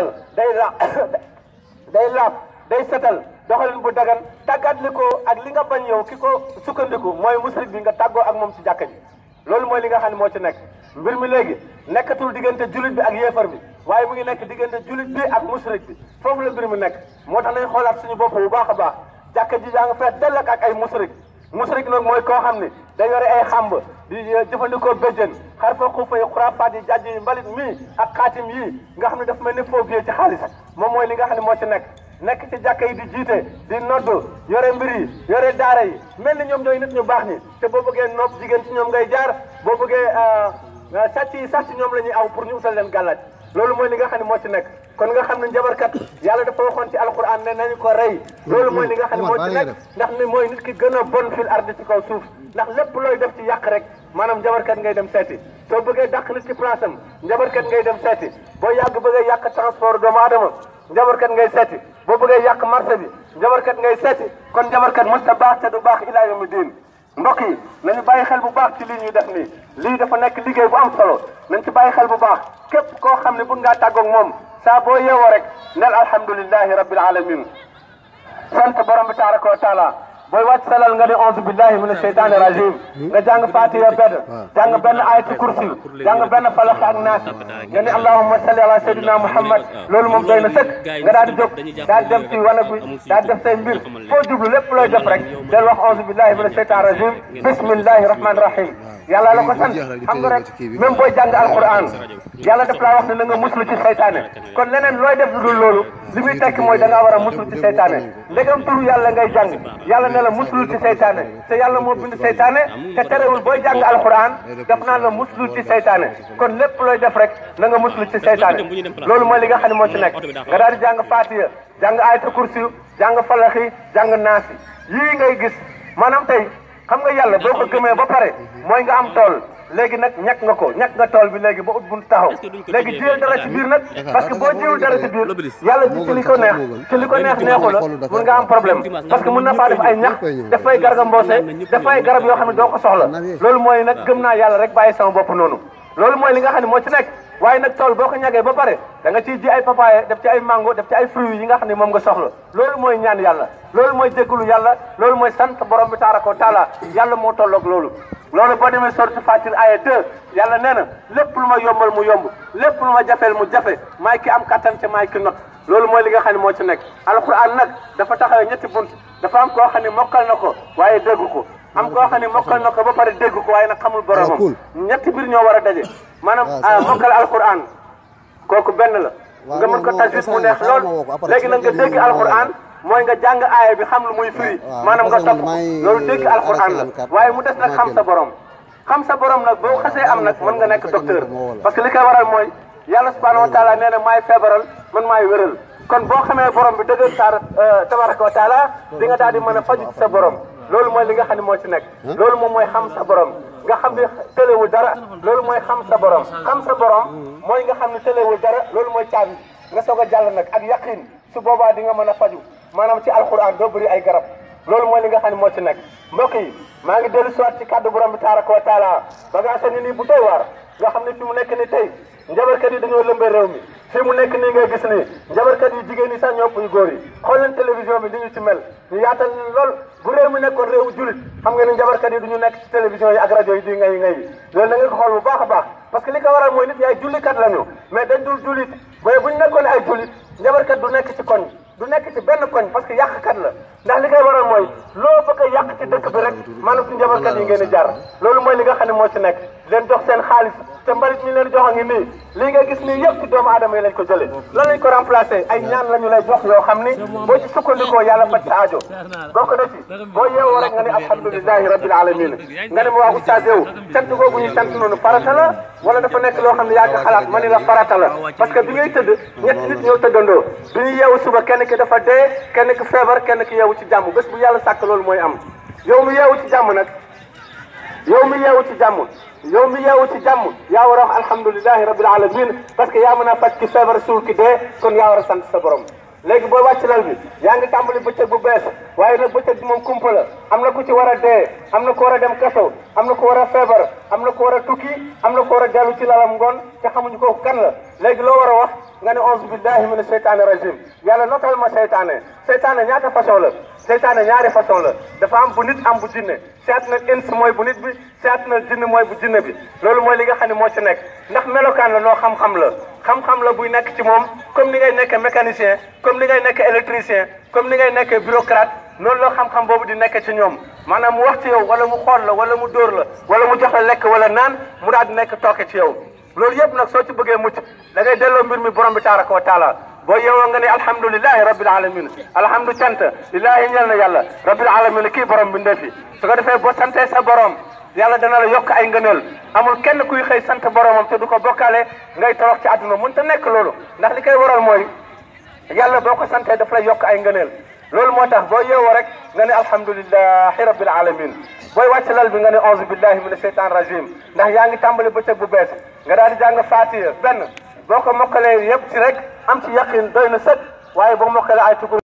sellal day ra day laaf day setal doxalin bu dagan tàggat li ko ak li nga bañ yow ki ko sukkandiku mooy musrik bi nga tàggoo ak moom si jàkka ji loolu mooy li nga xam ne moo ci nekk mbir mi léegi nekkatul diggante jullit bi ak yéefar bi waaye mu ngi nekk diggante julit bi ak musrik bi foofu la mbir mi nekk moo tax nañ xoolaat suñu bopp yu baax a baax jàkka ji yaa nga fees dell ak ay musrik musrik nag mooy koo xam ni day yore ay xamb di eh, jëfandikoo béjjën xar fa xuufa yi xuraafaat yi jàjj yi mbalit mii ak xaatim yii nga xam ne dafa mel ni foo biyee ci xaalis moom mooy li nga xam ne moo ci nekk nekk ci jàkka yi di jiite di nodd yore mbir yi yore daara yi mel ni ñoom ñooy nit ñu baax ñi te boo bëggee noob jigéen ci ñoom ngay jaar boo bëggee eh, eh, sàcc yi sàcc ñoom la ñuy aw pour ñu utal leen gàllaaj loolu mooy li nga xam ne moo ci nekk kon nga xamne jabar kat yàlla dafa waxon ci alquran ne nañ ko rey loolu moy li nga xamne mo ci nek ndax ni moy nit ki gëna bon fil ardi ci kaw suuf ndax lépp loy def ci yak rek manam jabar kat ngay dem setti so bëggee dakk nit ci place am jabar kat ngay dem setti bo yag bëggee yak transport do adama jabar kat ngay setti bo bëggee yak marché bi jabar kat ngay setti kon jabar kat mustafa ta du bax ila yawmi diin mbokk yi nañu bàyyi xel bu baax ci li ñuy def nii lii dafa nekk liggéey bu am solo nañ ci bàyyi xel bu baax képp koo xam ne bëgg ngaa tàggoog moom سابوي ورق نل الحمد لله رب العالمين سنت برم تعالى booy wàcc salal nga ne onze a mina a rajim nga jàng fatiha benn jàng benn ayatu kursi jàng benn falax ak naas nga ne allahumma salli ala sayyidina muhammad loolu moom doy na sëkk nga daal di jóg daal di dem ci bi daal di mbir foo jublu lépp looy def rek del wax onze billahi mina sheytaani rajim bismillahi rahmaani rahim yàlla la ko sant xam nga rek même booy jàng alquran yàlla daf laa wax ne nga muslu ci seytaane kon looy def a ne la muslul ci seytaane te yàlla moo bind seytaane te terewul booy jàng alxuraan daf naa la muslul ci seytaane kon lépp looy def rek na nga muslul ci seytaane loolu mooy li nga xam ne moo ci nekk nga daal di jàng faatiya jàng ayta kursi jàng falaxi jàng naasi yii ngay gis maanaam tey xam nga yàlla boo ko gëmee ba pare mooy nga am tool léegi nag ñàkk nga ko ñàkk nga tool bi léegi ba ut bunt taxaw léegi jiyal dara ci biir nag parce que boo jiwul dara ci biir yàlla ji ci li ko neex ci li ko neex neexu mun nga am problème parce que mun na faa def ay ñax def ay garga mboose garab yoo xam ne doo ko soxla loolu mooy nag ah. gëm naa yàlla rek bàyyi sama bopp noonu loolu mooy li nga xam ne moo ci nekk waaye nag tool boo ko ñagee ba pare danga nga ciy ji ay papaye def ci ay mango def ci ay fruits yi nga xam ne moom nga soxla loolu mooy ñaan yàlla loolu mooy jégalu yàlla loolu mooy sant borom bi taaraka wa taala yàlla moo tolloog loolu loolu boo demee sortu Fatir aya 2 yàlla nee na lépp lu ma yombal mu yomb lépp lu ma jafeel mu jafe maay ki am kattan ca maay ki not loolu mooy li nga xam ne moo ci nekk alquran nag dafa taxawee ñetti bunt dafa am koo xam ne mokkal na ko waaye dégg ko am koo xam ne mokkal na ko ba pare dégg ko waaye nag xamul boromam ñetti mbir ñoo war a daje maanaam euh, mokkal alquran kooku benn la nga mën ko tajwid mu neex lool léegi nag nga dégg alquran mooy nga jàng aaya bi xam lu muy firi maanaam nga topp loolu dégg alquran la waaye mu des nag xam sa borom xam sa borom nag boo xasee am nag mën nga nekk docteur parce que li koy waral mooy yàlla subhanahu wa taala nee na maay feebaral man maay wéral kon boo xamee borom bi dëgër saar euh, tabaraka wa taala nga daal di mën a faj sa borom loolu mooy li nga xam ne moo ci nekk hmm? loolu moom mooy xam sa borom nga xam ne tëlewul dara loolu mooy xam sa borom hmm. xam sa borom hmm. mooy nga xam ne tëlewul dara loolu mooy caabi nga soog a jàll nag ak yaqin su boobaa di nga mën a faju maanaam ci alquran doo bëri ay garab loolu mooy li nga xam ne moo ci nekk mbokk yi maa ngi soo siwaat ci kàddu borom bi taaraka wa taala bagage ni nii bu doy waar nga xam ne fi mu nekk ni tey njabarkat yi dañoo lëmbee réew mi fii mu nekk nii ngay gis nii njabarkat yi jigéen yi sax ñoo ëpp yu góor yi xool leen télévision bi ni ñu ci mel ñu yaatal lool bu réew mi nekkoon réewu jullit xam nga ne njabarkat yi du ñu nekk ci télévision yi ak rajo yi di ngay ngay yi loolu nga ko xool bu baax a baax parce que li ko waral mooy nit ñi ay jullikat lañu mais dañ dul jullit mais bu ñu nekkoon ay jullit njabarkat du nekk ci koñ du nekk ci benn koñ parce que yàqkat la ndax li koy waral mooy loo bëgg a yàq ci dëkk bi rek maanaam suñu njabarkat yi ngeen jar loolu mooy li nga xam ne moo ci nekk leen jox seen xaalis te mbalit ñu leen jox a ngi nii lii nga gis nii yëpp ci doomu aadama yi lañ ko jëlee lan lañ ko remplacé ay ñaan la ñu lay jox yoo xam ni boo ci sukkandikoo yàlla faj sa aajo bokk na ci boo yeewoo rek nga ne alhamdulilahi rabbil alamin nga ne ma waa oustaz yow sant googu ñu sant noonu farata la wala loo xam ne yaa ngi xalaat ma ni la farata la parce que bi kenn ki dafa dee yeewu ci jàmm bés bu yàlla sàkk loolu mooy am yow mi yeewu ci jàmm nag yow mi yeewu ci jàmm yow mi yeewu ci jàmm yaa war a wax alhamdulilahi rabbil alamin parce que yaa mën a faj ki feebar suul ki dee kon yaa war a sant sa borom léegi boo wàcc lal bi yaa ngi tàmbali bëccëg bu bees waaye nag bëccëg bi moom kumpa la am na ku ci war a dee am na ku war a dem kaso am na ku war a feebar am na ku war a tukki am na ku war a jàllu ci lalam ngoon te xamuñu koo kan la léegi loo war a wax nga ne auzu billahi mina seytaane rajim yàlla notal ma seytaane seytaane ñaata façon la seytaane ñaari façon la dafa am bu nit am bu jinne seytaane ins mooy bu nit bi seytaane jinne mooy bu jinne bi loolu mooy li nga xam ne moo ci nekk ndax melokaan la noo xam la xam la buy nekk ci moom comme ni ngay nekk mécanicien comme ni ngay nekk électricien comme ni ngay nekk bureaucrate non lo xam-xam bobu di nekk ci ñom manam mu wax ci yow wala mu xol la wala mu dóor la wala mu jox la lekk wala nan mu daal di nekk toke ci yow lool yëpp nag soo ci bëggee mucc da ngay delloo mbir mi borom bi tabaraka wa taala bo yeewoo nga ni alhamdulilahi rabbil alamin alhamdu cant lillahi ñel na yàlla rabbil alamin kii borom bi ndefi su ko defee bo santee sa borom yàlla dana la yokk ay ngëneel amul kenn kuy xëy sant boromam te du ko bokkaale ngay torox ci àdduna mun te nekk loolu ndax li koy waral mooy yàlla boo ko santee daf lay yokk ay ngëneel loolu moo tax boo yeewoo rek nga ne alhamdulilahi rabbil alamin booy wàcc lal bi nga ne auzu billahi mina sheytan rajim ndax yaa ngi tàmbali bëccëg bu bees nga daal di jàng faatiya benn boo ko mokkalee yëpp ci rek am ci yaqin doy na sëg waaye boo mokkalee ay tukur